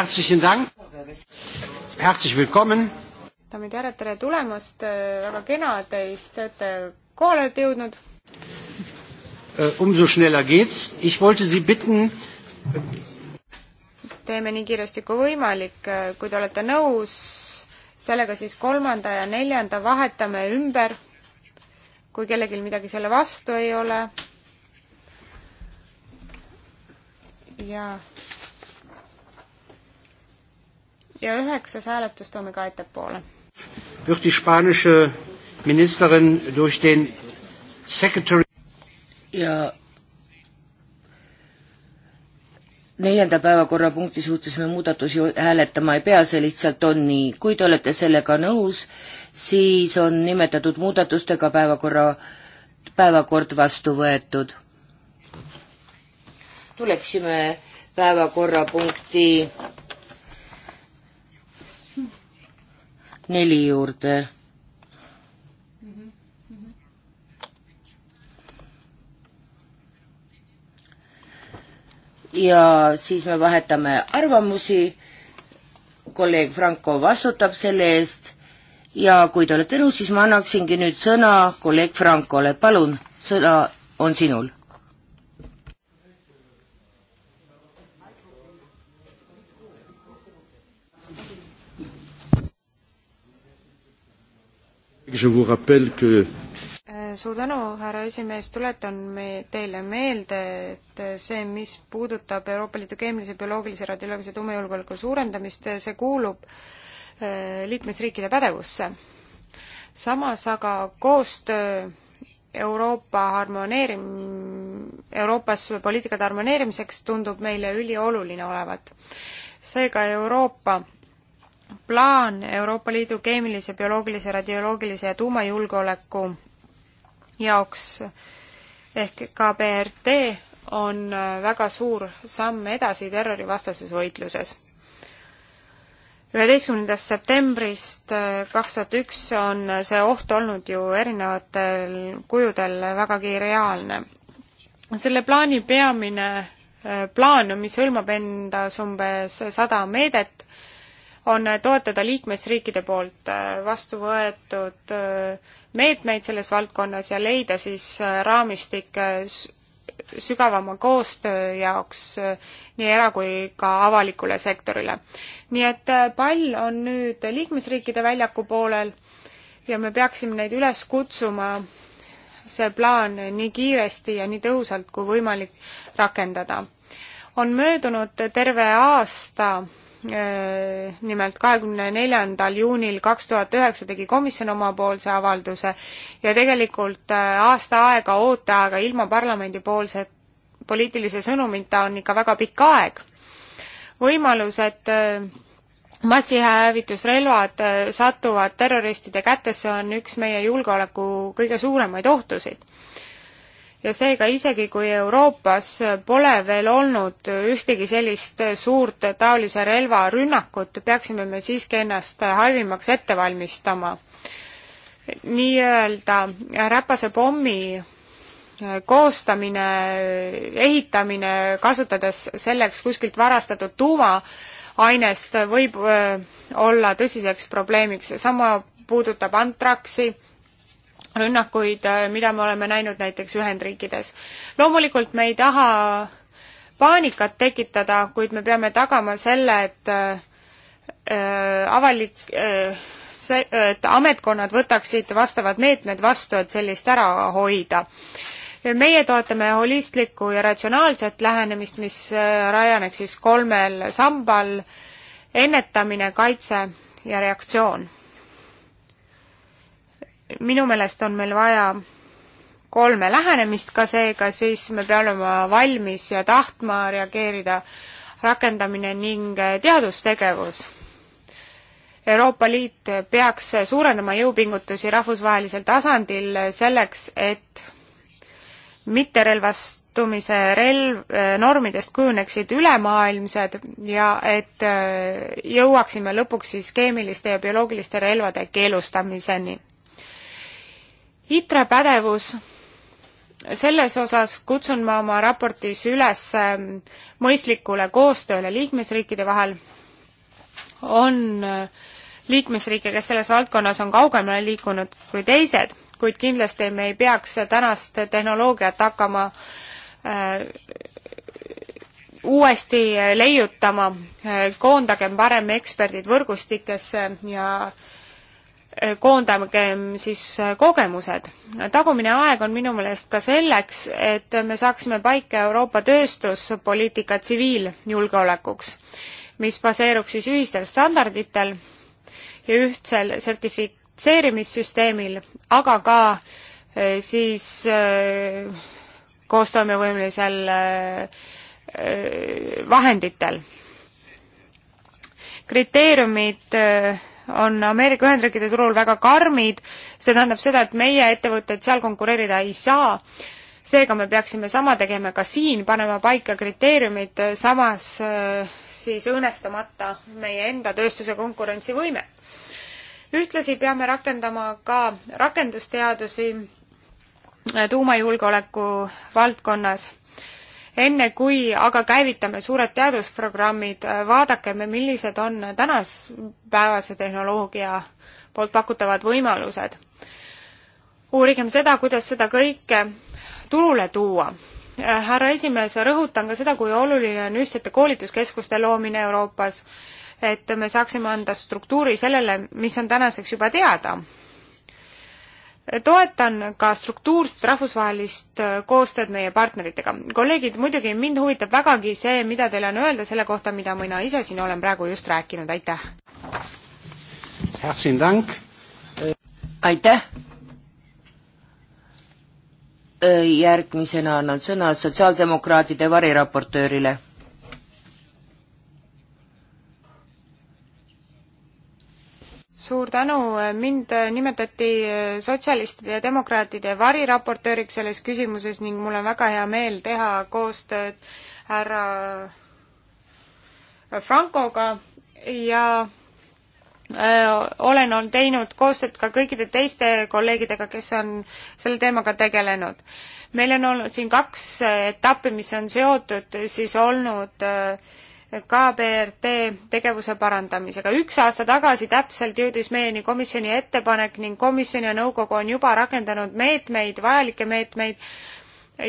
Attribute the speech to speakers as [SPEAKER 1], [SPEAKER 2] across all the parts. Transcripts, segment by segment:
[SPEAKER 1] Herzlichen Dank. Herzlich willkommen. daamid ja härrad, tere tulemast, väga kena, et teist olete kohale olete jõudnud. Äh, umso schneller geht's, ich wollte Sie bitten. teeme nii kiiresti kui võimalik, kui te olete nõus, sellega siis kolmanda ja neljanda vahetame ümber. kui kellelgi midagi selle vastu ei ole. ja ja üheksas hääletus toome ka ettepoole. Wird die spanische Ministerin durch den Secretary
[SPEAKER 2] ja neljanda päevakorrapunkti suhtes me muudatusi hääletama ei pea, see lihtsalt on nii. kui te olete sellega nõus, siis on nimetatud muudatustega päevakorra, päevakord vastu võetud. tuleksime päevakorrapunkti neli juurde. ja siis me vahetame arvamusi, kolleeg Franco vastutab selle eest ja kui te olete nõus, siis ma annaksingi nüüd sõna kolleeg Francole, palun, sõna on sinul
[SPEAKER 1] Äh, suur tänu, härra esimees, tuletan me teile meelde, et see, mis puudutab Euroopa Liidu keemilise, bioloogilise, radioloogilise tuumajulgeoleku suurendamist, see kuulub äh, liikmesriikide pädevusse. samas aga koostöö Euroopa harmoneerim-, Euroopas poliitikate harmoneerimiseks tundub meile ülioluline olevat. seega Euroopa plaan Euroopa Liidu keemilise, bioloogilise, radioloogilise ja tuumajulgeoleku jaoks ehk KBRT on äh, väga suur samm edasi terrorivastases võitluses. üheteistkümnendast septembrist äh, kaks tuhat üks on äh, see oht olnud ju erinevatel kujudel vägagi reaalne. selle plaani peamine plaan, mis hõlmab endas umbes sada meedet, on toetada liikmesriikide poolt äh, vastu võetud äh, meetmeid selles valdkonnas ja leida siis äh, raamistik sügavama koostöö jaoks nii era- kui ka avalikule sektorile. nii et pall on nüüd liikmesriikide väljaku poolel ja me peaksime neid üles kutsuma see plaan nii kiiresti ja nii tõhusalt kui võimalik rakendada. on möödunud terve aasta Äh, nimelt kahekümne neljandal juunil kaks tuhat üheksa tegi komisjon omapoolse avalduse ja tegelikult äh, aasta aega ooteaega ilma parlamendipoolse poliitilise sõnumita on ikka väga pikk aeg. võimalus, et äh, massihävitusrelvad satuvad terroristide kätesse, on üks meie julgeoleku kõige suuremaid ohtusid ja seega isegi, kui Euroopas pole veel olnud ühtegi sellist suurt taolise relvarünnakut, peaksime me siiski ennast halvimaks ette valmistama. nii-öelda räpase pommi koostamine, ehitamine, kasutades selleks kuskilt varastatud tuumaainest, võib äh, olla tõsiseks probleemiks, sama puudutab antraksi rünnakuid, äh, mida me oleme näinud näiteks Ühendriikides. loomulikult me ei taha paanikat tekitada, kuid me peame tagama selle, et äh, avalik äh, see, et ametkonnad võtaksid vastavad meetmed vastu, et sellist ära hoida. meie toetame holistlikku ja ratsionaalset lähenemist, mis äh, rajaneks siis kolmel sambal, ennetamine, kaitse ja reaktsioon minu meelest on meil vaja kolme lähenemist ka seega, siis me peame olema valmis ja tahtma reageerida rakendamine ning eh, teadustegevus. Euroopa Liit peaks suurendama jõupingutusi rahvusvahelisel tasandil selleks, et mitterelvastumise relv, eh, normidest kujuneksid ülemaailmsed ja et eh, jõuaksime lõpuks siis keemiliste ja bioloogiliste relvade keelustamiseni ITRE pädevus, selles osas kutsun ma oma raportis üles ähm, mõistlikule koostööle liikmesriikide vahel, on äh, liikmesriike, kes selles valdkonnas on kaugemale liikunud kui teised, kuid kindlasti me ei peaks tänast tehnoloogiat hakkama äh, uuesti leiutama, äh, koondagem parem eksperdid võrgustikesse ja äh, Eh, koondagem siis eh, kogemused. tagumine aeg on minu meelest ka selleks, et me saaksime paika Euroopa tööstuspoliitika tsiviiljulgeolekuks, mis baseeruks siis ühistel standarditel ja ühtsel sertifitseerimissüsteemil, aga ka eh, siis koostoimevõimelisel vahenditel. kriteeriumid on Ameerika Ühendriikide turul väga karmid, see tähendab seda, et meie ettevõtted seal konkureerida ei saa, seega me peaksime sama tegema ka siin, panema paika kriteeriumid, samas äh, siis õõnestamata meie enda tööstuse konkurentsivõimet. ühtlasi peame rakendama ka rakendusteadusi äh, tuumajulgeoleku valdkonnas enne kui aga käivitame suured teadusprogrammid, äh, vaadakem, millised on tänaspäevase tehnoloogia poolt pakutavad võimalused. uurigem seda, kuidas seda kõike turule tuua. Äh, härra esimees, rõhutan ka seda, kui oluline on ühtsete koolituskeskuste loomine Euroopas, et me saaksime anda struktuuri sellele, mis on tänaseks juba teada toetan ka struktuurset rahvusvahelist äh, koostööd meie partneritega. kolleegid, muidugi mind huvitab vägagi see, mida teil on öelda selle kohta, mida mina ise siin olen praegu just rääkinud, aitäh!
[SPEAKER 2] aitäh! Äh, järgmisena annan sõna sotsiaaldemokraatide variraportöörile
[SPEAKER 1] suur tänu, mind nimetati sotsialistide ja demokraatide variraportööriks selles küsimuses ning mul on väga hea meel teha koostööd härra Frankoga ja öö, äh, olen on teinud koostööd ka kõikide teiste kolleegidega, kes on selle teemaga tegelenud. meil on olnud siin kaks etappi, mis on seotud siis olnud öö, äh, KBRT tegevuse parandamisega. üks aasta tagasi täpselt jõudis meieni komisjoni ettepanek ning komisjon ja nõukogu on juba rakendanud meetmeid, vajalikke meetmeid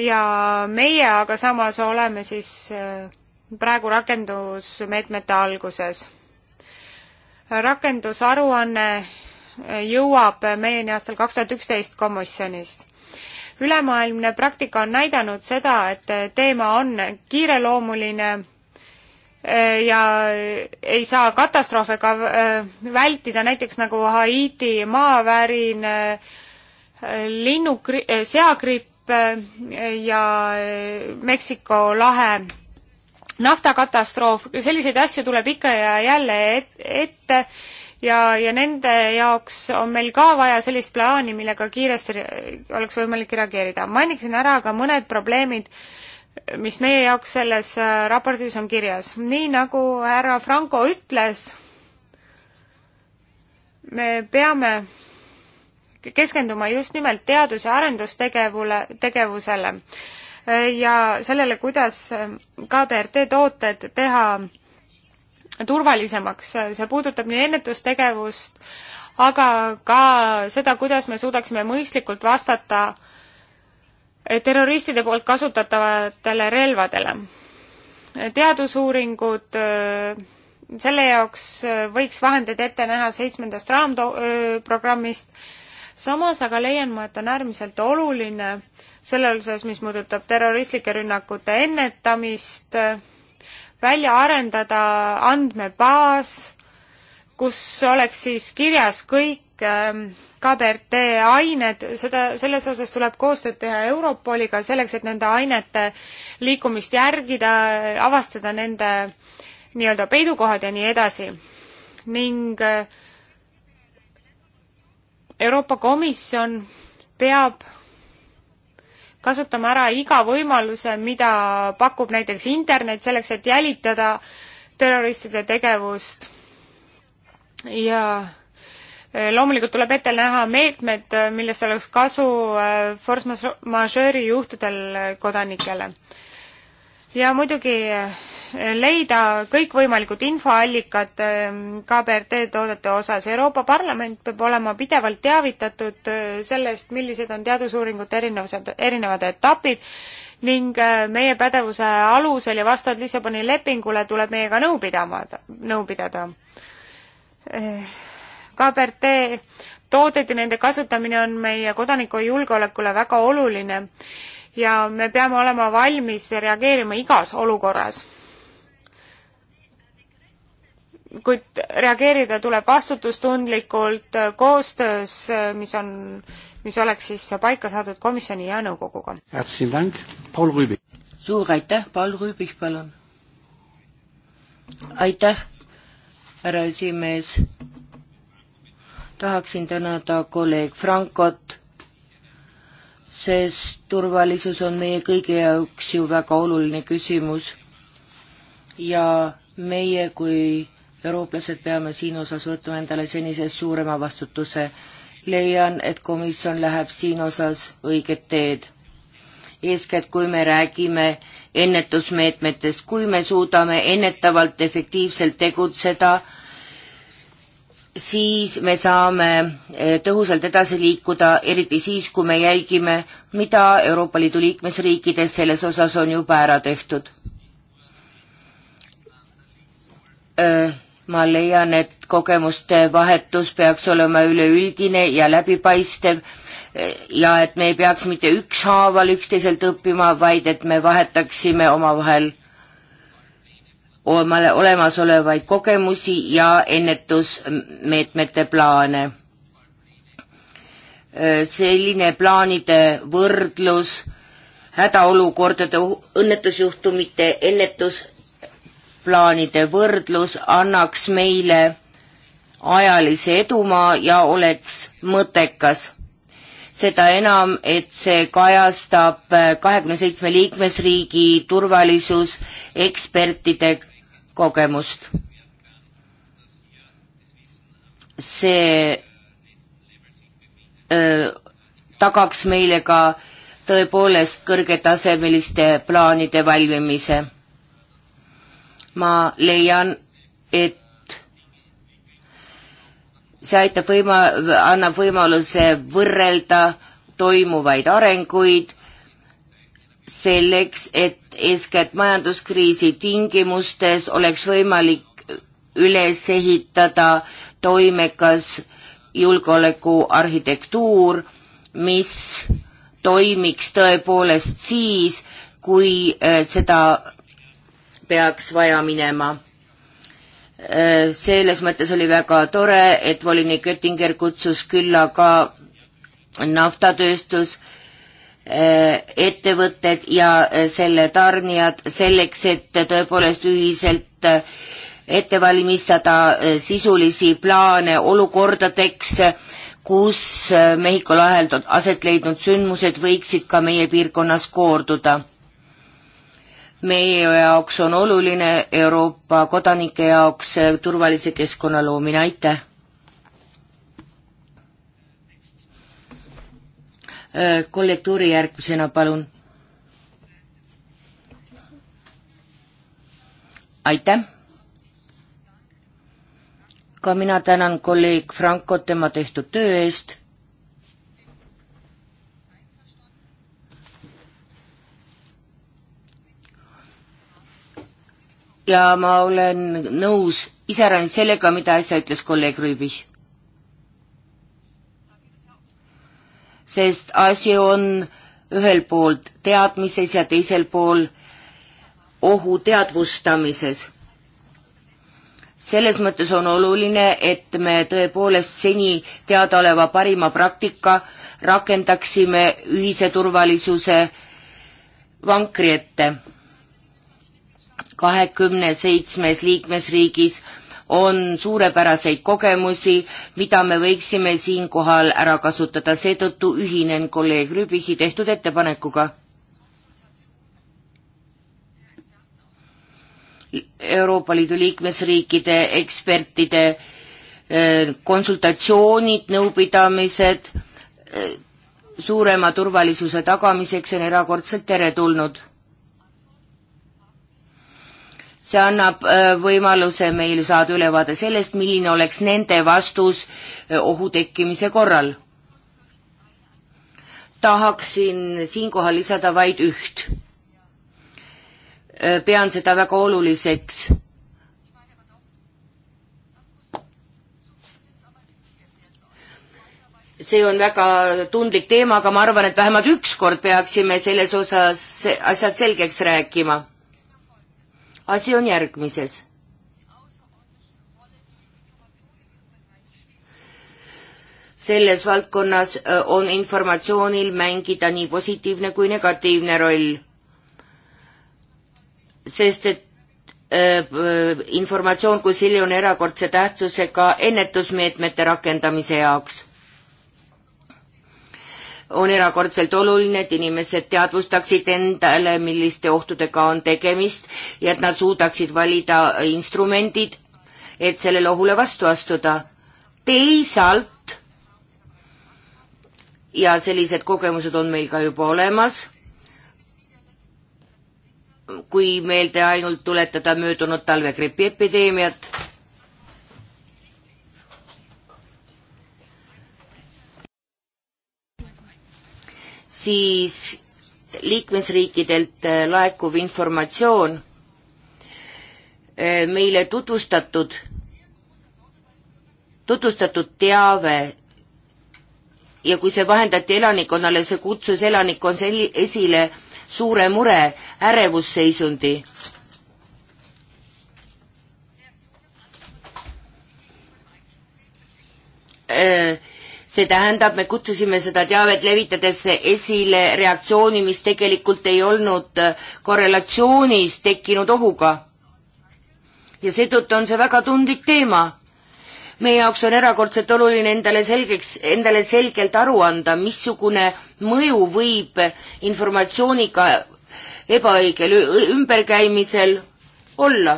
[SPEAKER 1] ja meie aga samas oleme siis äh, praegu rakendusmeetmete alguses. rakendusaruanne äh, jõuab meieni aastal kaks tuhat üksteist komisjonist ülemaailmne praktika on näidanud seda, et teema on kiireloomuline Äh, ja ei saa katastroofe ka äh, vältida, näiteks nagu Haiti maavärin, äh, linnukri-, seagripp ja Meksiko lahe naftakatastroof, selliseid asju tuleb ikka ja jälle et, ette ja, ja nende jaoks on meil ka vaja sellist plaani, millega kiiresti oleks võimalik reageerida. mainiksin ära ka mõned probleemid, mis meie jaoks selles äh, raportis on kirjas. nii nagu härra Franco ütles, me peame keskenduma just nimelt teadus- ja arendustegevule, tegevusele äh, ja sellele, kuidas äh, KBRT tooted teha turvalisemaks, see puudutab nii ennetustegevust, aga ka seda, kuidas me suudaksime mõistlikult vastata äh, terroristide poolt kasutatavatele relvadele. teadusuuringud, äh, selle jaoks äh, võiks vahendeid ette näha seitsmendast raamprogrammist, samas aga leian ma, et on äärmiselt oluline selles osas, mis puudutab terroristlike rünnakute ennetamist, välja arendada andmebaas, kus oleks siis kirjas kõik ähm, KBRT ained, seda, selles osas tuleb koostööd teha Europoliga selleks, et nende ainete liikumist järgida, avastada nende nii-öelda peidukohad ja nii edasi. ning äh, Euroopa Komisjon peab kasutama ära iga võimaluse, mida pakub näiteks internet selleks, et jälitada terroristide tegevust ja Äh, loomulikult tuleb ette näha meetmed, äh, millest oleks kasu äh, force majeure'i juhtudel kodanikele. ja muidugi leida kõikvõimalikud infoallikad ähm, KBRT toodete osas. Euroopa Parlament peab olema pidevalt teavitatud sellest, millised on teadusuuringute erinevused, erinevad etapid ning meie pädevuse alusel ja vastavalt Lissaboni lepingule tuleb meiega nõu pidama, nõu pidada KBRT tooded ja nende kasutamine on meie kodaniku julgeolekule väga oluline ja me peame olema valmis reageerima igas olukorras. kuid reageerida tuleb vastutustundlikult koostöös, mis on, mis oleks siis paika saadud komisjoni ja nõukoguga.
[SPEAKER 2] suur aitäh, Paul Rüübik, palun. aitäh, härra esimees tahaksin tänada kolleeg Frankot, sest turvalisus on meie kõigi jaoks ju väga oluline küsimus ja meie kui eurooplased peame siin osas võtma endale senisest suurema vastutuse. leian, et komisjon läheb siin osas õiget teed. eeskätt, kui me räägime ennetusmeetmetest, kui me suudame ennetavalt efektiivselt tegutseda, siis me saame eh, tõhusalt edasi liikuda, eriti siis, kui me jälgime, mida Euroopa Liidu liikmesriikides selles osas on juba ära tehtud. Eh, ma leian, et kogemuste vahetus peaks olema üleüldine ja läbipaistev eh, ja et me ei peaks mitte ükshaaval üksteiselt õppima, vaid et me vahetaksime omavahel omale olemasolevaid kogemusi ja ennetusmeetmete plaane. Äh, selline plaanide võrdlus, hädaolukordade, õnnetusjuhtumite ennetusplaanide võrdlus annaks meile ajalise edumaa ja oleks mõttekas seda enam, et see kajastab äh, kahekümne seitsme liikmesriigi turvalisusekspertide kogemust. see öö, äh, tagaks meile ka tõepoolest kõrgetasemeliste plaanide valmimise. ma leian, et see aitab võima-, annab võimaluse võrrelda toimuvaid arenguid selleks, et eeskätt majanduskriisi tingimustes oleks võimalik üles ehitada toimekas julgeolekuarhitektuur, mis toimiks tõepoolest siis, kui äh, seda peaks vaja minema Äh, selles mõttes oli väga tore, et volinik Oettinger kutsus külla ka naftatööstus äh, ettevõtted ja äh, selle tarnijad selleks, et tõepoolest ühiselt ette valmistada sisulisi plaane olukordadeks, kus Mehhiko lahel aset leidnud sündmused võiksid ka meie piirkonnas koorduda meie jaoks on oluline Euroopa kodanike jaoks turvalise keskkonna loomine, aitäh! Äh, kollektuuri järgmisena, palun. aitäh! ka mina tänan kolleeg Frankot tema tehtud töö eest ja ma olen nõus iseäranis sellega, mida äsja ütles kolleeg Rüübih. sest asi on ühel poolt teadmises ja teisel pool ohu teadvustamises. selles mõttes on oluline, et me tõepoolest seni teadaoleva parima praktika rakendaksime ühise turvalisuse vankri ette kahekümne seitsmes liikmesriigis on suurepäraseid kogemusi, mida me võiksime siinkohal ära kasutada, seetõttu ühinen kolleeg Rüübichi tehtud ettepanekuga. Euroopa Liidu liikmesriikide ekspertide eh, konsultatsioonid, nõupidamised eh, suurema turvalisuse tagamiseks on erakordselt teretulnud see annab äh, võimaluse meil saada ülevaade sellest, milline oleks nende vastus äh, ohu tekkimise korral. tahaksin siinkohal lisada vaid üht. Äh, pean seda väga oluliseks. see on väga tundlik teema, aga ma arvan, et vähemalt ükskord peaksime selles osas asjad selgeks rääkima asi on järgmises. selles valdkonnas on informatsioonil mängida nii positiivne kui negatiivne roll, sest et informatsioon kui selline on erakordse tähtsusega ennetusmeetmete rakendamise jaoks on erakordselt oluline, et inimesed teadvustaksid endale, milliste ohtudega on tegemist ja et nad suudaksid valida instrumendid, et sellele ohule vastu astuda. teisalt, ja sellised kogemused on meil ka juba olemas, kui meelde ainult tuletada möödunud talvegripi epideemiat siis liikmesriikidelt äh, laekuv informatsioon äh, meile tutvustatud, tutvustatud teave ja kui see vahendati elanikkonnale, see kutsus elanikkond esile suure mure, ärevusseisundi. Äh, see tähendab, me kutsusime seda teavet levitades esile reaktsiooni, mis tegelikult ei olnud äh, korrelatsioonis tekkinud ohuga. ja seetõttu on see väga tundlik teema. meie jaoks on erakordselt oluline endale selgeks, endale selgelt aru anda, missugune mõju võib informatsiooniga ebaõigel ümberkäimisel olla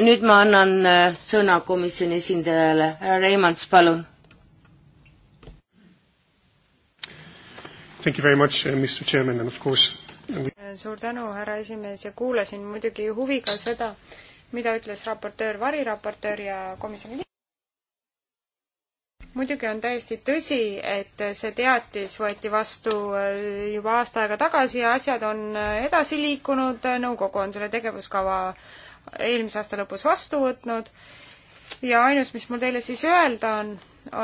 [SPEAKER 2] nüüd ma annan äh, sõna komisjoni esindajale, härra Reimands, palun.
[SPEAKER 1] Thank you very much, uh, Mr Chairman and of course uh, suur tänu, härra esimees, ja kuulasin muidugi huviga seda, mida ütles raportöör, variraportöör ja komisjoni liige muidugi on täiesti tõsi, et see teatis võeti vastu äh, juba aasta aega tagasi ja asjad on äh, edasi liikunud, nõukogu on selle tegevuskava eelmise aasta lõpus vastu võtnud ja ainus, mis mul teile siis öelda on,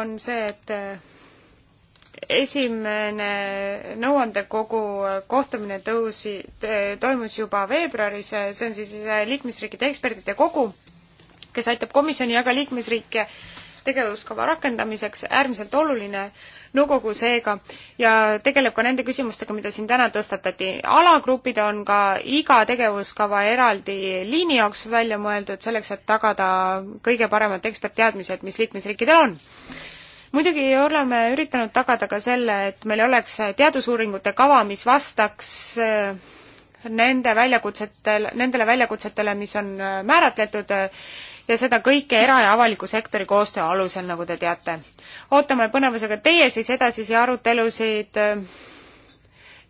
[SPEAKER 1] on see, et äh, esimene nõuandekogu kohtumine tõusi, toimus juba veebruaris, see on siis äh, liikmesriikide ekspertide kogu, kes aitab komisjoni ja ka liikmesriike tegevuskava rakendamiseks, äärmiselt oluline nõukogu seega ja tegeleb ka nende küsimustega, mida siin täna tõstatati. alagrupid on ka iga tegevuskava eraldi liini jaoks välja mõeldud, selleks et tagada kõige paremad ekspertteadmised, mis liikmesriikidel on muidugi oleme üritanud tagada ka selle, et meil oleks teadusuuringute kava, mis vastaks äh, nende väljakutsetel, nendele väljakutsetele, mis on äh, määratletud äh, ja seda kõike era- ja avaliku sektori koostöö alusel, nagu te teate. ootame põnevusega teie siis edasisi arutelusid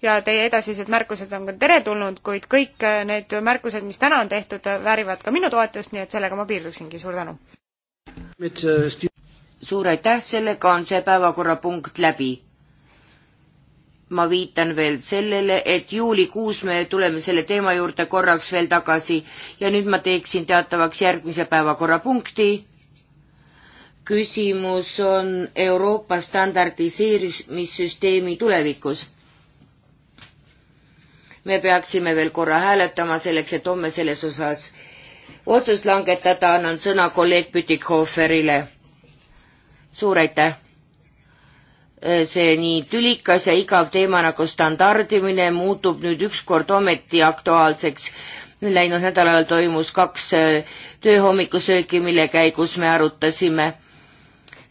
[SPEAKER 1] ja teie edasised märkused on ka teretulnud, kuid kõik need märkused, mis täna on tehtud, väärivad ka minu toetust, nii et sellega ma piirduksingi,
[SPEAKER 2] suur tänu! suur aitäh, sellega on see päevakorrapunkt läbi. ma viitan veel sellele, et juulikuus me tuleme selle teema juurde korraks veel tagasi ja nüüd ma teeksin teatavaks järgmise päevakorrapunkti. küsimus on Euroopa standardiseerimissüsteemi tulevikus me peaksime veel korra hääletama selleks, et homme selles osas otsust langetada, annan sõna kolleeg Pütikhoferile suur aitäh! Äh, see nii tülikas ja igav teema nagu standardimine muutub nüüd ükskord ometi aktuaalseks läinud nädalal toimus kaks äh, tööhommikusööki, mille käigus me arutasime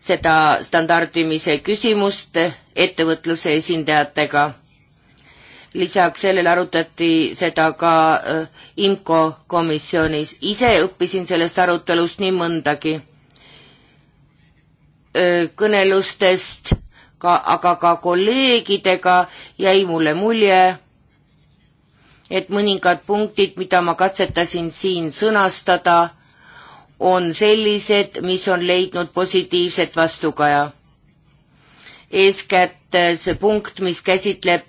[SPEAKER 2] seda standardimise küsimust ettevõtluse esindajatega. lisaks sellele arutati seda ka äh, IMCO komisjonis. ise õppisin sellest arutelust nii mõndagi kõnelustest, ka, aga ka kolleegidega jäi mulle mulje, et mõningad punktid, mida ma katsetasin siin sõnastada, on sellised, mis on leidnud positiivset vastukaja. eeskätt see punkt, mis käsitleb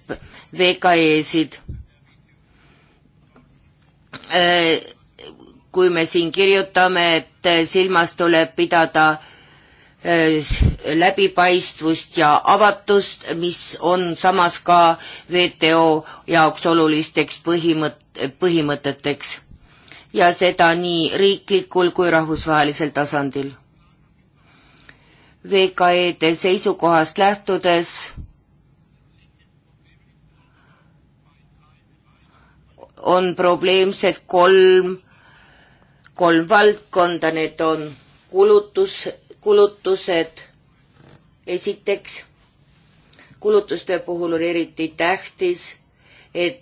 [SPEAKER 2] VKE-sid. kui me siin kirjutame, et silmas tuleb pidada Äh, läbipaistvust ja avatust, mis on samas ka WTO jaoks olulisteks põhimõt-, põhimõteteks. ja seda nii riiklikul kui rahvusvahelisel tasandil. VKE-de seisukohast lähtudes on probleemsed kolm, kolm valdkonda, need on kulutus, kulutused. esiteks, kulutuste puhul on eriti tähtis, et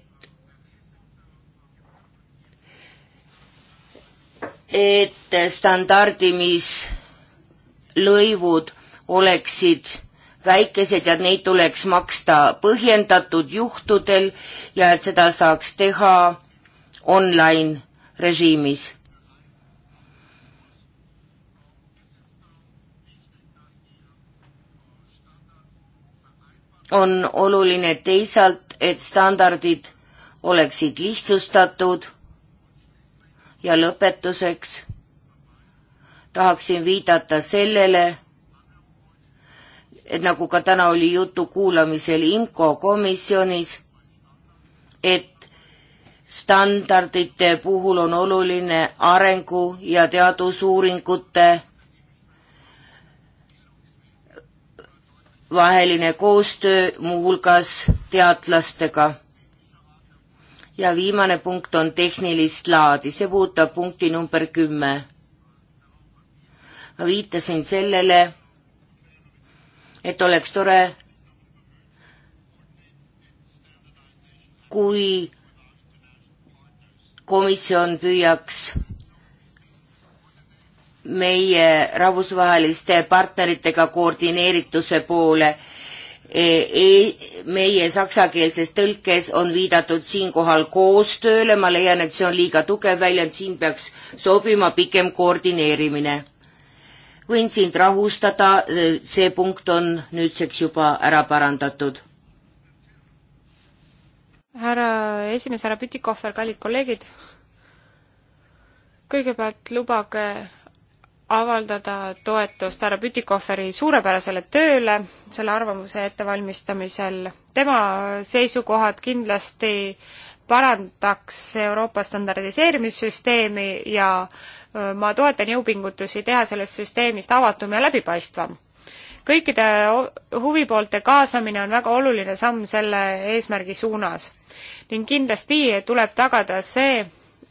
[SPEAKER 2] et standardimislõivud oleksid väikesed ja neid tuleks maksta põhjendatud juhtudel ja et seda saaks teha online režiimis on oluline teisalt, et standardid oleksid lihtsustatud ja lõpetuseks tahaksin viidata sellele, et nagu ka täna oli juttu kuulamisel IMCO komisjonis, et standardite puhul on oluline arengu ja teadusuuringute vaheline koostöö muuhulgas teadlastega. ja viimane punkt on tehnilist laadi, see puudutab punkti number kümme. ma viitasin sellele, et oleks tore, kui komisjon püüaks meie rahvusvaheliste partneritega koordineerituse poole e, e,. meie saksakeelses tõlkes on viidatud siinkohal koostööle, ma leian, et see on liiga tugev väljend, siin peaks sobima pikem koordineerimine. võin sind rahustada, e, see punkt on nüüdseks juba ära parandatud. härra esimees, härra
[SPEAKER 1] Pütikohver, kallid kolleegid, kõigepealt lubage avaldada toetust härra Pütikoferi suurepärasele tööle selle arvamuse ettevalmistamisel. tema seisukohad kindlasti parandaks Euroopa standardiseerimissüsteemi ja ma toetan jõupingutusi teha sellest süsteemist avatum ja läbipaistvam. kõikide huvipoolte kaasamine on väga oluline samm selle eesmärgi suunas ning kindlasti tuleb tagada see,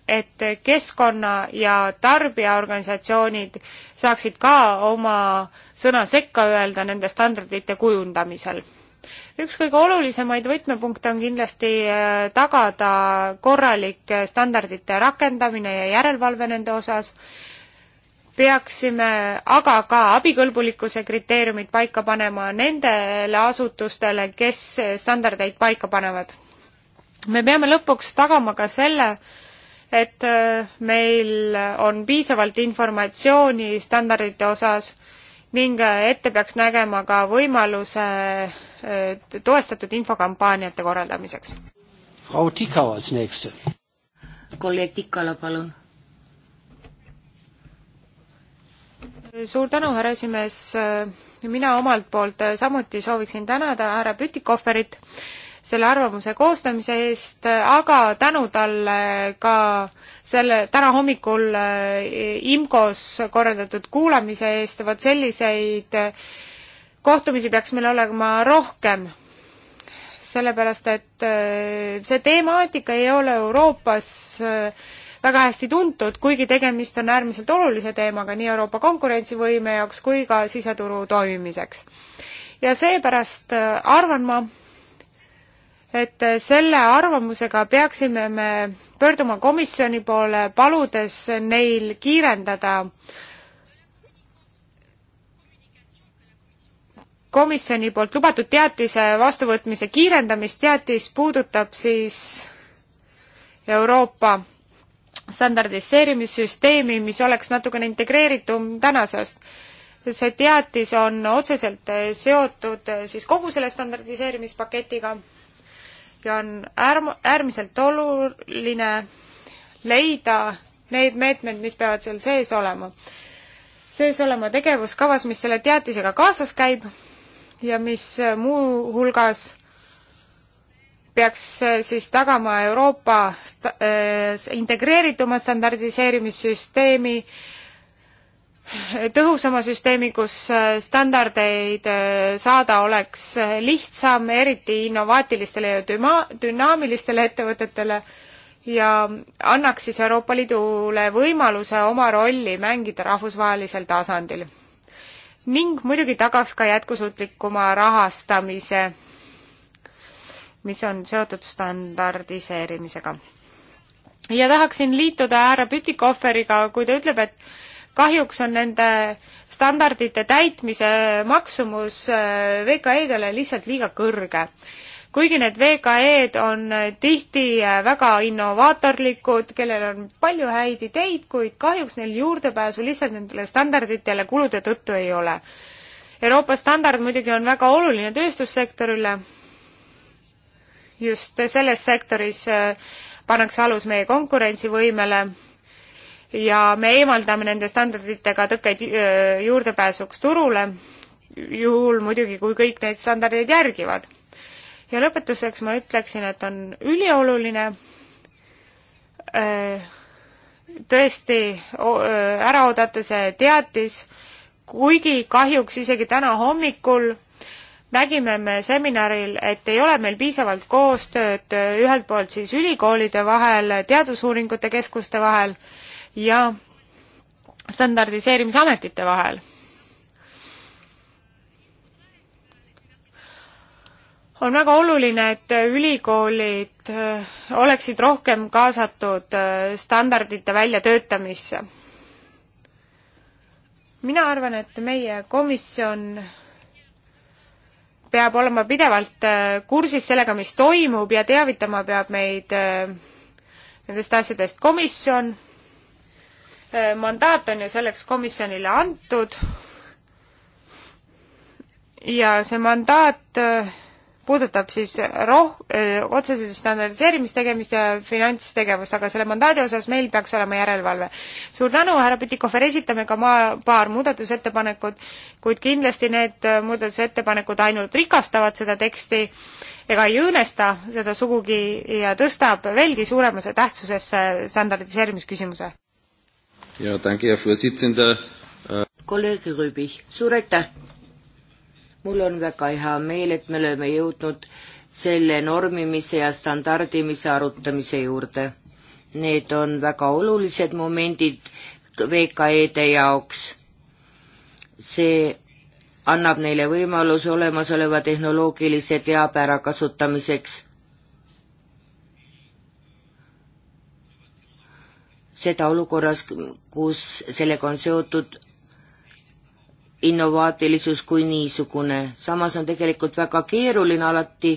[SPEAKER 1] et keskkonna- ja tarbijaorganisatsioonid saaksid ka oma sõna sekka öelda nende standardite kujundamisel. üks kõige olulisemaid võtmepunkte on kindlasti äh, tagada korralik standardite rakendamine ja järelevalve nende osas, peaksime aga ka abikõlbulikkuse kriteeriumid paika panema nendele asutustele, kes standardeid paika panevad. me peame lõpuks tagama ka selle, et äh, meil on piisavalt informatsiooni standardite osas ning äh, ette peaks nägema ka võimaluse äh, toestatud infokampaaniate korraldamiseks. Frau Tikau als nächste.
[SPEAKER 2] kolleeg Tikala, palun.
[SPEAKER 1] suur tänu, härra esimees. mina omalt poolt samuti sooviksin tänada härra Pütikoferit selle arvamuse koostamise eest, aga tänu talle ka selle täna hommikul äh, IMCO-s korraldatud kuulamise eest, vot selliseid äh, kohtumisi peaks meil olema rohkem. sellepärast, et äh, see temaatika ei ole Euroopas väga hästi tuntud, kuigi tegemist on äärmiselt olulise teemaga nii Euroopa konkurentsivõime jaoks kui ka siseturu toimimiseks. ja seepärast arvan ma, et selle arvamusega peaksime me pöörduma komisjoni poole, paludes neil kiirendada komisjoni poolt lubatud teatise vastuvõtmise kiirendamist, teatis puudutab siis Euroopa standardiseerimissüsteemi, mis oleks natukene integreeritum tänasest. see teatis on otseselt seotud siis kogu selle standardiseerimispaketiga ja on äärm-, äärmiselt oluline leida need meetmed, mis peavad seal sees olema. sees olema tegevuskavas, mis selle teatisega kaasas käib ja mis äh, muuhulgas peaks äh, siis tagama Euroopa sta-, äh, integreerituma standardiseerimissüsteemi äh, tõhusama süsteemi, kus äh, standardeid äh, saada oleks äh, lihtsam, eriti innovaatilistele ja düma-, dünaamilistele ettevõtetele, ja annaks siis Euroopa Liidule võimaluse oma rolli mängida rahvusvahelisel tasandil. ning muidugi tagaks ka jätkusuutlikuma rahastamise, mis on seotud standardiseerimisega. ja tahaksin liituda härra Pütikohveriga, kui ta ütleb, et kahjuks on nende standardite täitmise maksumus äh, VKE-dele lihtsalt liiga kõrge. kuigi need VKE-d on äh, tihti äh, väga innovaatorlikud, kellel on palju häid ideid, kuid kahjuks neil juurdepääsu lihtsalt nendele standarditele kulude tõttu ei ole. Euroopa standard muidugi on väga oluline tööstussektorile, just selles sektoris pannakse alus meie konkurentsivõimele ja me eemaldame nende standarditega tõkkeid juurdepääsuks turule, juhul muidugi, kui kõik need standardid järgivad. ja lõpetuseks ma ütleksin, et on ülioluline tõesti ära oodata see teatis, kuigi kahjuks isegi täna hommikul nägime me seminaril, et ei ole meil piisavalt koostööd ühelt poolt siis ülikoolide vahel, teadusuuringute keskuste vahel ja standardiseerimisametite vahel. on väga oluline, et ülikoolid äh, oleksid rohkem kaasatud äh, standardite väljatöötamisse. mina arvan, et meie komisjon peab olema pidevalt äh, kursis sellega, mis toimub ja teavitama peab meid nendest asjadest komisjon Eh, mandaat on ju selleks komisjonile antud ja see mandaat eh, puudutab siis roh-, eh, otseselt standardiseerimistegemist ja finantstegevust, aga selle mandaadi osas meil peaks olema järelevalve. suur tänu, härra Pütikofer, esitame ka ma-, paar muudatusettepanekut, kuid kindlasti need muudatusettepanekud ainult rikastavad seda teksti ega ei õõnesta seda sugugi ja tõstab veelgi suuremasse
[SPEAKER 2] tähtsusesse standardiseerimisküsimuse
[SPEAKER 1] ja tänki, hea võsitsende.
[SPEAKER 2] kolleeg Rüübich, suur aitäh! mul on väga hea meel, et me oleme jõudnud selle normimise ja standardimise arutamise juurde. Need on väga olulised momendid VKE-de jaoks. see annab neile võimaluse olemasoleva tehnoloogilise teabe ärakasutamiseks seda olukorras, kus sellega on seotud innovaatilisus kui niisugune. samas on tegelikult väga keeruline alati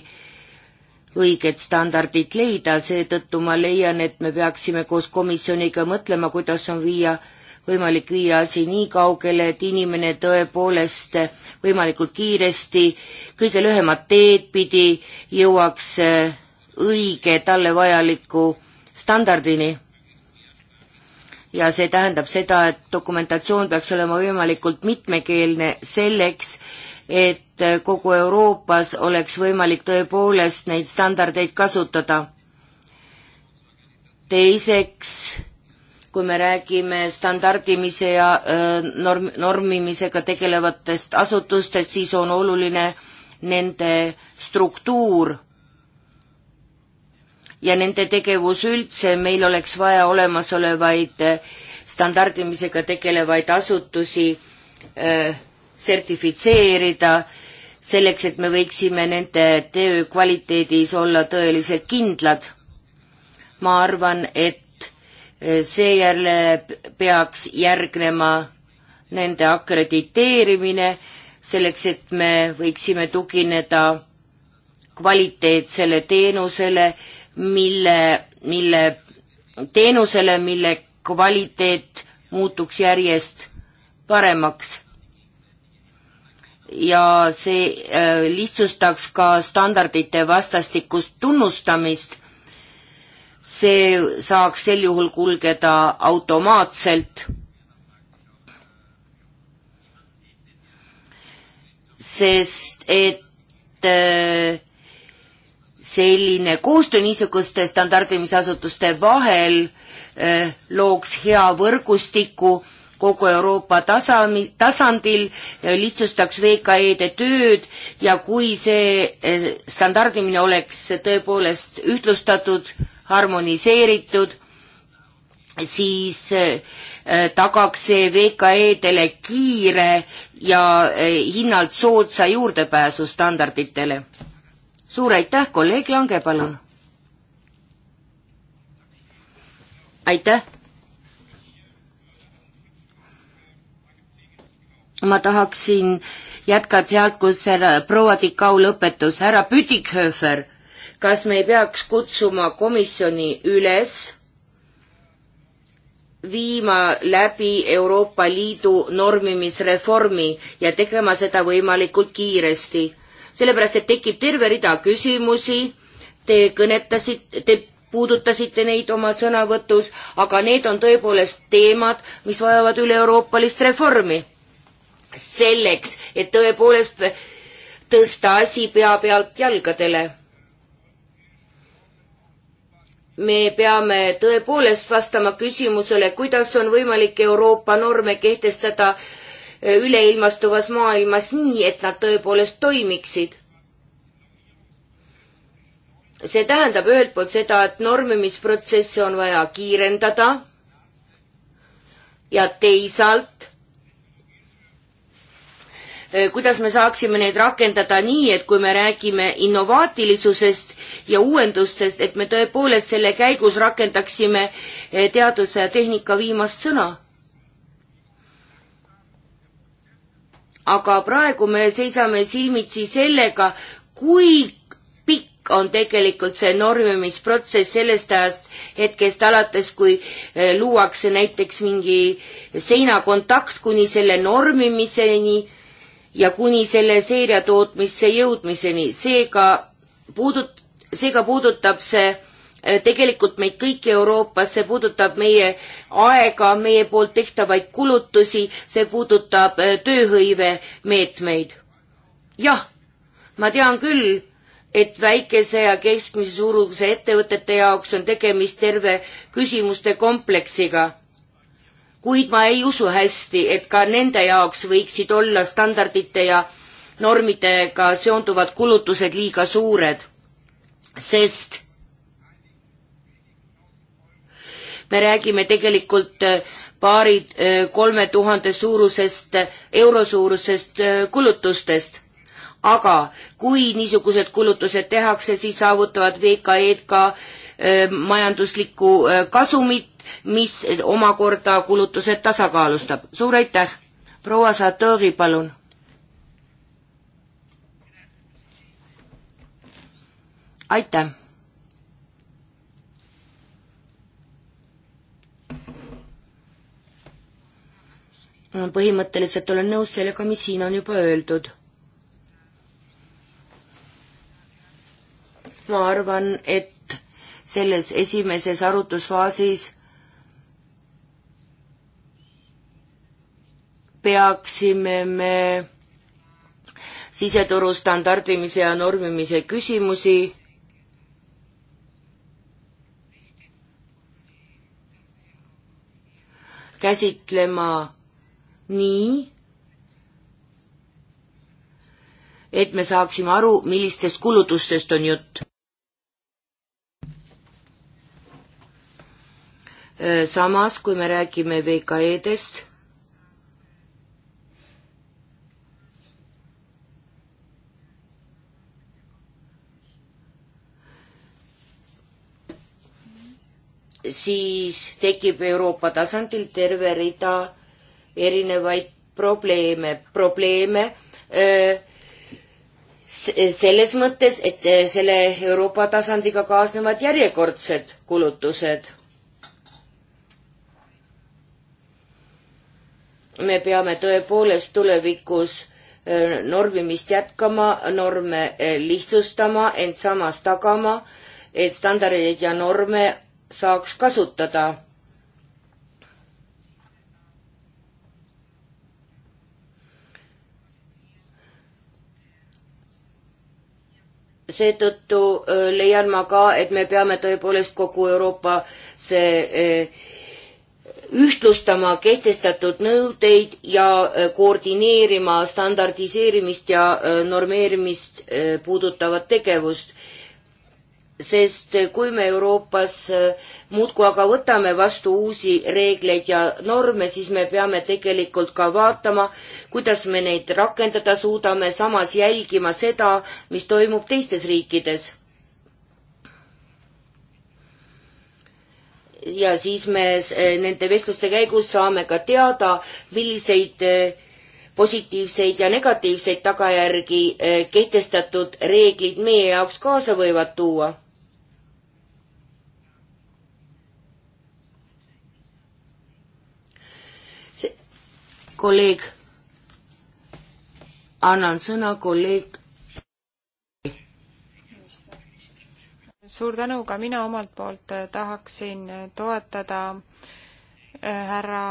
[SPEAKER 2] õiget standardit leida, seetõttu ma leian, et me peaksime koos komisjoniga mõtlema, kuidas on viia, võimalik viia asi nii kaugele, et inimene tõepoolest võimalikult kiiresti, kõige lühemat teed pidi jõuaks õige talle vajaliku standardini ja see tähendab seda, et dokumentatsioon peaks olema võimalikult mitmekeelne selleks, et kogu Euroopas oleks võimalik tõepoolest neid standardeid kasutada. teiseks, kui me räägime standardimise ja norm, normimisega tegelevatest asutustest, siis on oluline nende struktuur ja nende tegevus üldse, meil oleks vaja olemasolevaid äh, standardimisega tegelevaid asutusi äh, sertifitseerida, selleks, et me võiksime nende töö kvaliteedis olla tõeliselt kindlad. ma arvan, et äh, seejärel peaks järgnema nende akrediteerimine, selleks et me võiksime tugineda kvaliteetsele teenusele mille, mille teenusele, mille kvaliteet muutuks järjest paremaks. ja see äh, lihtsustaks ka standardite vastastikust tunnustamist. see saaks sel juhul kulgeda automaatselt. sest et äh, selline koostöö niisuguste standardimisasutuste vahel eh, looks hea võrgustiku kogu Euroopa tasami, tasandil, eh, lihtsustaks VKE-de tööd ja kui see eh, standardimine oleks tõepoolest ühtlustatud, harmoniseeritud, siis tagaks see VKE-dele kiire ja hinnalt soodsa juurdepääsu standarditele suur aitäh, kolleeg Lange, palun. aitäh. ma tahaksin jätkata sealt, kus härra proua Tikau lõpetus, härra Püdikhöfer, kas me ei peaks kutsuma komisjoni üles viima läbi Euroopa Liidu normimisreformi ja tegema seda võimalikult kiiresti sellepärast et tekib terve rida küsimusi, te kõnetasite, te puudutasite neid oma sõnavõtus, aga need on tõepoolest teemad, mis vajavad üle-euroopalist reformi. selleks, et tõepoolest tõsta asi pea pealt jalgadele. me peame tõepoolest vastama küsimusele, kuidas on võimalik Euroopa norme kehtestada äh, üleilmastuvas maailmas nii, et nad tõepoolest toimiksid. see tähendab ühelt poolt seda, et normimisprotsesse on vaja kiirendada ja teisalt eh, kuidas me saaksime neid rakendada nii, et kui me räägime innovaatilisusest ja uuendustest, et me tõepoolest selle käigus rakendaksime eh, teaduse ja tehnika viimast sõna aga praegu me seisame silmitsi sellega, kui pikk on tegelikult see normimisprotsess sellest ajast hetkest alates, kui eh, luuakse näiteks mingi seinakontakt kuni selle normimiseni ja kuni selle seeria tootmisse jõudmiseni, seega puudut-, seega puudutab see Äh, tegelikult meid kõiki Euroopas, see puudutab meie aega, meie poolt tehtavaid kulutusi, see puudutab äh, tööhõivemeetmeid. jah, ma tean küll, et väikese ja keskmise suuruse ettevõtete jaoks on tegemist terve küsimuste kompleksiga. kuid ma ei usu hästi, et ka nende jaoks võiksid olla standardite ja normidega seonduvad kulutused liiga suured, sest me räägime tegelikult äh, paari-kolme äh, tuhande suurusest, äh, euro suurusest kulutustest. aga kui niisugused kulutused tehakse, siis saavutavad VKE-d ka majanduslikku kasumit, mis omakorda kulutused tasakaalustab. suur aitäh! proua Satori, palun! aitäh! põhimõtteliselt olen nõus sellega, mis siin on juba öeldud. ma arvan, et selles esimeses arutlusfaasis peaksime me siseturu standardimise ja normimise küsimusi käsitlema nii, et me saaksime aru, millistest kulutustest on jutt. Äh, samas, kui me räägime VKE-dest, siis tekib Euroopa tasandil terve rida erinevaid probleeme, probleeme äh, selles mõttes, et äh, selle Euroopa tasandiga kaasnevad järjekordsed kulutused. me peame tõepoolest tulevikus äh, normimist jätkama, norme lihtsustama, ent samas tagama, et standardeid ja norme saaks kasutada seetõttu leian ma ka, et me peame tõepoolest kogu Euroopa see ühtlustama kehtestatud nõudeid ja koordineerima standardiseerimist ja normeerimist puudutavat tegevust sest kui me Euroopas eh, muudkui aga võtame vastu uusi reegleid ja norme, siis me peame tegelikult ka vaatama, kuidas me neid rakendada suudame, samas jälgima seda, mis toimub teistes riikides. ja siis me eh, nende vestluste käigus saame ka teada, milliseid eh, positiivseid ja negatiivseid tagajärgi kehtestatud reeglid meie jaoks kaasa võivad tuua kolleeg, annan sõna kolleeg.
[SPEAKER 1] suur tänu, ka mina omalt poolt äh, tahaksin äh, toetada äh, härra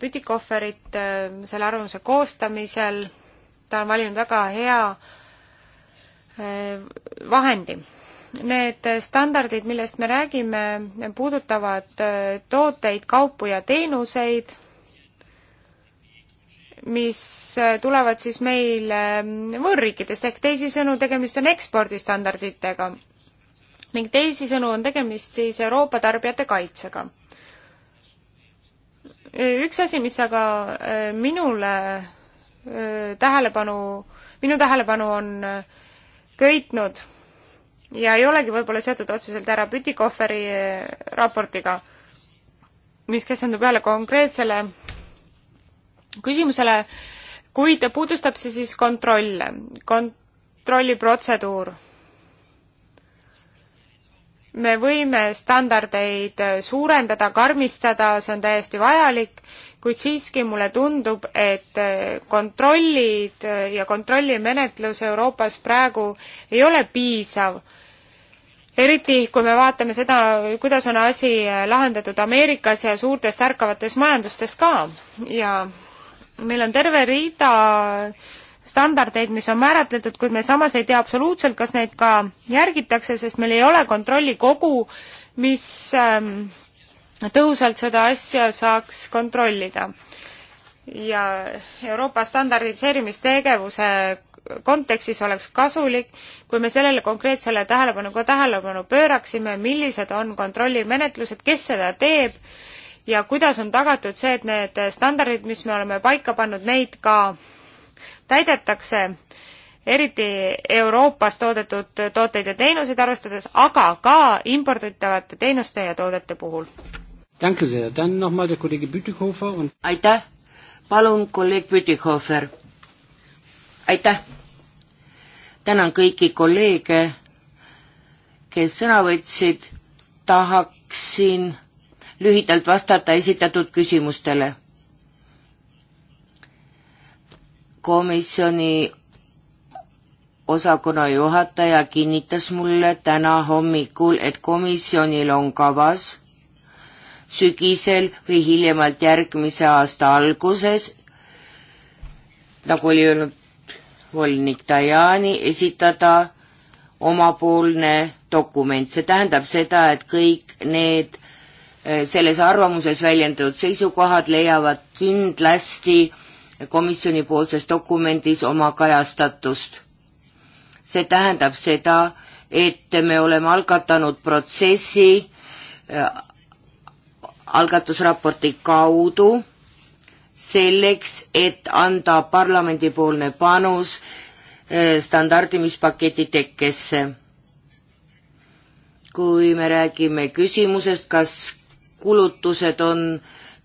[SPEAKER 1] Pütikohverit selle arvamuse koostamisel. ta on valinud väga hea vahendi. Need standardid, millest me räägime, puudutavad tooteid, kaupu ja teenuseid mis äh, tulevad siis meil ähm, võõrriikidest, ehk teisisõnu, tegemist on ekspordistandarditega. ning teisisõnu on tegemist siis Euroopa tarbijate kaitsega. Äh, üks asi, mis aga äh, minule tähelepanu, minu tähelepanu on köitnud ja ei olegi võib-olla seotud otseselt härra Pütikoferi raportiga, mis keskendub jälle konkreetsele küsimusele, kuid puudustab see siis kontrolle, kontrolliprotseduur. me võime standardeid suurendada, karmistada, see on täiesti vajalik, kuid siiski mulle tundub, et kontrollid ja kontrollimenetlus Euroopas praegu ei ole piisav eriti kui me vaatame seda, kuidas on asi lahendatud Ameerikas ja suurtes tärkavates majandustes ka ja meil on terve rida standardeid, mis on määratletud, kuid me samas ei tea absoluutselt, kas neid ka järgitakse, sest meil ei ole kontrolli kogu, mis ähm, tõhusalt seda asja saaks kontrollida. ja Euroopa standardiseerimistegevuse kontekstis oleks kasulik, kui me sellele konkreetsele tähelepanu ka tähelepanu pööraksime, millised on kontrollimenetlused, kes seda teeb ja kuidas on tagatud see, et need standardid, mis me oleme paika pannud, neid ka täidetakse, eriti Euroopas toodetud tooteid ja teenuseid arvestades, aga ka imporditavate teenuste ja toodete
[SPEAKER 2] puhul. aitäh, palun kolleeg Bütikofer. aitäh, tänan kõiki kolleege, kes sõna võtsid, tahaksin lühidalt vastata esitatud küsimustele. komisjoni osakonna juhataja kinnitas mulle täna hommikul, et komisjonil on kavas sügisel või hiljemalt järgmise aasta alguses, nagu oli öelnud volinik Dajani, esitada omapoolne dokument, see tähendab seda, et kõik need Eh, selles arvamuses väljendatud seisukohad leiavad kindlasti komisjoni poolses dokumendis oma kajastatust. see tähendab seda, et me oleme algatanud protsessi eh, algatusraporti kaudu selleks, et anda parlamendipoolne panus eh, standardimispaketi tekkesse. kui me räägime küsimusest, kas kulutused on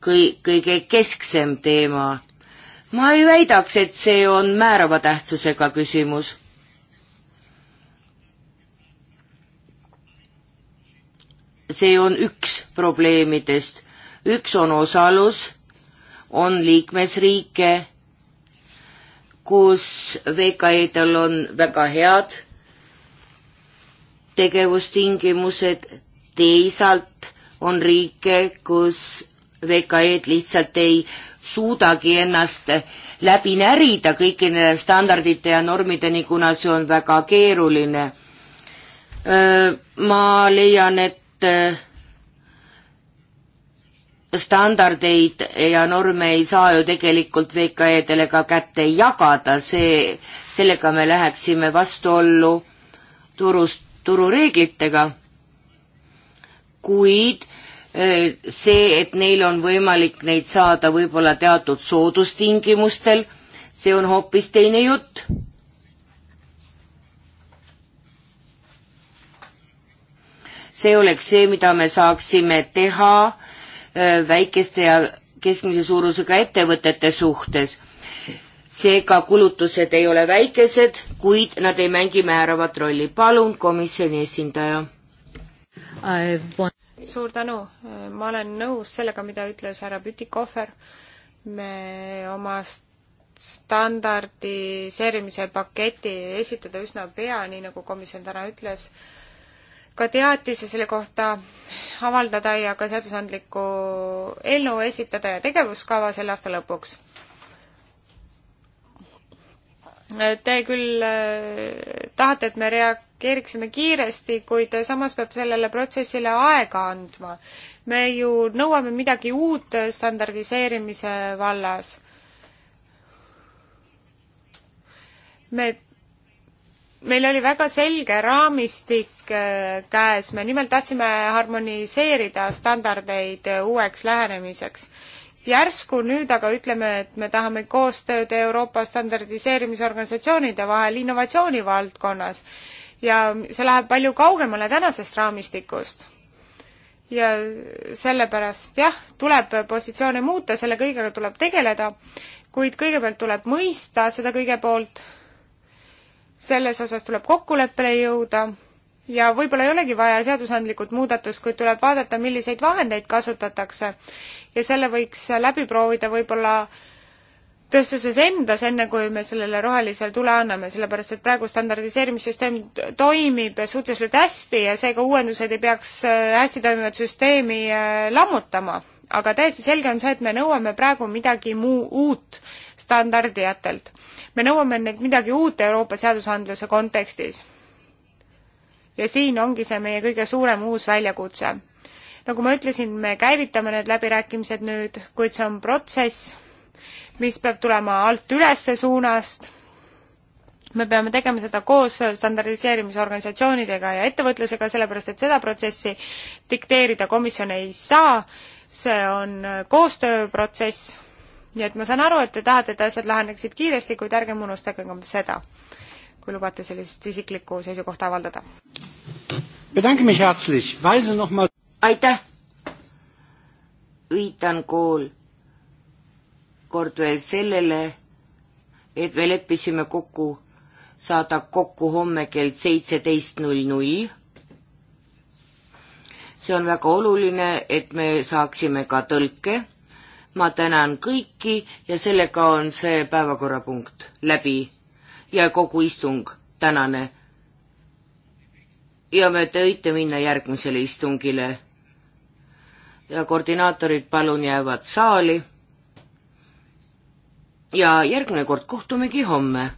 [SPEAKER 2] kõi-, kõige kesksem teema. ma ei väidaks, et see on määrava tähtsusega küsimus. see on üks probleemidest, üks on osalus, on liikmesriike, kus VKE-del on väga head tegevustingimused, teisalt on riike, kus VKE-d lihtsalt ei suudagi ennast läbi närida kõikide standardite ja normideni, kuna see on väga keeruline. ma leian, et standardeid ja norme ei saa ju tegelikult VKE-dele ka kätte jagada, see, sellega me läheksime vastuollu turust, turureeglitega. kuid Äh, see, et neil on võimalik neid saada võib-olla teatud soodustingimustel, see on hoopis teine jutt. see oleks see, mida me saaksime teha äh, väikeste ja keskmise suurusega ettevõtete suhtes. seega kulutused ei ole väikesed, kuid nad ei mängi määravat rolli. palun, komisjoni esindaja
[SPEAKER 1] suur tänu, ma olen nõus sellega, mida ütles härra Pütikohver. me oma standardiseerimise paketi esitada üsna pea, nii nagu komisjon täna ütles, ka teatise selle kohta avaldada ja ka seadusandliku eelnõu esitada ja tegevuskava selle aasta lõpuks. Te küll eh, tahate, et me reak-, reageeriksime kiiresti, kuid samas peab sellele protsessile aega andma. me ju nõuame midagi uut standardiseerimise vallas. me meil oli väga selge raamistik äh, käes, me nimelt tahtsime harmoniseerida standardeid äh, uueks lähenemiseks. järsku nüüd aga ütleme, et me tahame koostööd Euroopa standardiseerimisorganisatsioonide vahel innovatsiooni valdkonnas ja see läheb palju kaugemale tänasest raamistikust. ja sellepärast jah, tuleb positsioone muuta, selle kõigega tuleb tegeleda, kuid kõigepealt tuleb mõista seda kõige poolt, selles osas tuleb kokkuleppele jõuda ja võib-olla ei olegi vaja seadusandlikult muudatust, kuid tuleb vaadata, milliseid vahendeid kasutatakse. ja selle võiks läbi proovida võib-olla äh, tööstuses endas, enne kui me sellele rohelisele tule anname, sellepärast et praegu standardiseerimissüsteem toimib suhteliselt hästi ja seega uuendused ei peaks äh, hästi toimivat süsteemi äh, lammutama. aga täiesti selge on see, et me nõuame praegu midagi muu, uut standardijatelt. me nõuame neilt midagi uut Euroopa seadusandluse kontekstis. ja siin ongi see meie kõige suurem uus väljakutse. nagu ma ütlesin, me käivitame need läbirääkimised nüüd, kuid see on protsess mis peab tulema alt ülesse suunast. me peame tegema seda koos standardiseerimisorganisatsioonidega ja ettevõtlusega, sellepärast et seda protsessi dikteerida komisjon ei saa. see on koostööprotsess. nii et ma saan aru, et te tahate, et asjad laheneksid kiiresti, kuid ärgem unustage ka seda, kui lubate sellist isiklikku seisukohta avaldada.
[SPEAKER 2] aitäh! viitan kool kordades sellele, et me leppisime kokku, saada kokku homme kell seitseteist null null. see on väga oluline, et me saaksime ka tõlke. ma tänan kõiki ja sellega on see päevakorrapunkt läbi ja kogu istung tänane. ja me tõite minna järgmisele istungile. ja koordinaatorid palun jäävad saali ja järgmine kord kohtumegi homme